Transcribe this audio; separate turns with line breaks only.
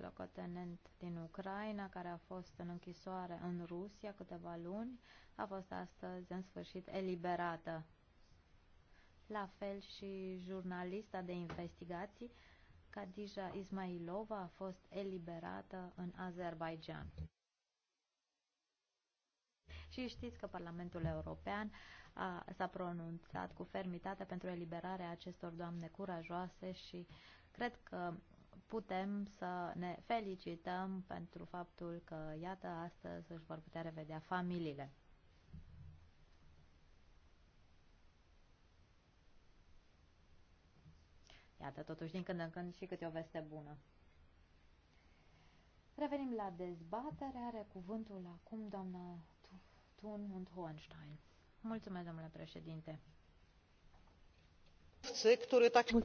locotenent din Ucraina, care a fost în închisoare în Rusia câteva luni, a fost astăzi în sfârșit eliberată. La fel și jurnalista de investigații, Khadija Ismailova, a fost eliberată în Azerbaijan. Și știți că Parlamentul European s-a pronunțat cu fermitate pentru eliberarea acestor doamne curajoase și cred că putem să ne felicităm pentru faptul că, iată, astăzi își vor putea revedea familiile. Iată, totuși, din când în când și câte o veste bună. Revenim la dezbatere. Are cuvântul acum doamna Thun und Hohenstein. Mulțumesc, domnule președinte.